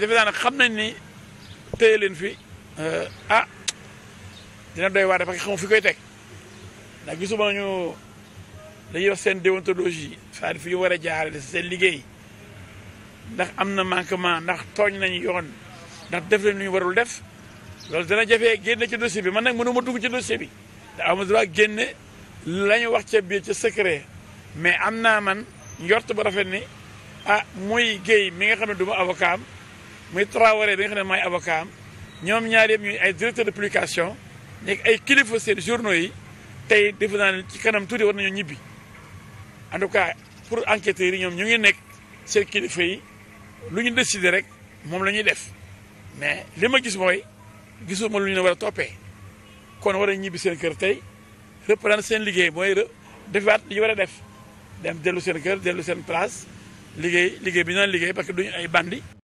nii defe naa ne xam nañ ni téye leen fi euh, ah dina doy waar fa que xamu fi koy teg ndax gisuma ñu dañuy wax seen déontologie cest à fi ñu war a jaarale seen liggéey ndax am na manquement ndax tooñ nañu yoon ndax def leen lu warul def loolu dana jafee génne ci dossier bi man nag mënuma dugg ci dossier bi te amu la ñu wax ca biir ca mais am naa man njort ba rafet ni ah muy géey mi nga xam ne du ma muy Traoré bi nga xam ne maay avocat am ñoom ñaar yëpp ñuy ay directeur de publication nekk ay kilifa seen journaux yi tey defe naa ne ci kanam tuuti war nañoo ñibbi en tout cas pour enquêteurs yi ñoom ñu ngi nekk seen kilifa yi lu ñu décider rek moom la ñuy def mais li ma gis mooy gisuma lu ñu ne war a toppee kon war a ñibbi seen kër tey reprendre seen liggéey mooy defaat li ñu war a def dem dellu seen kër dellu seen place liggéey liggéey bi ñu liggéey parce que duñu ay bandi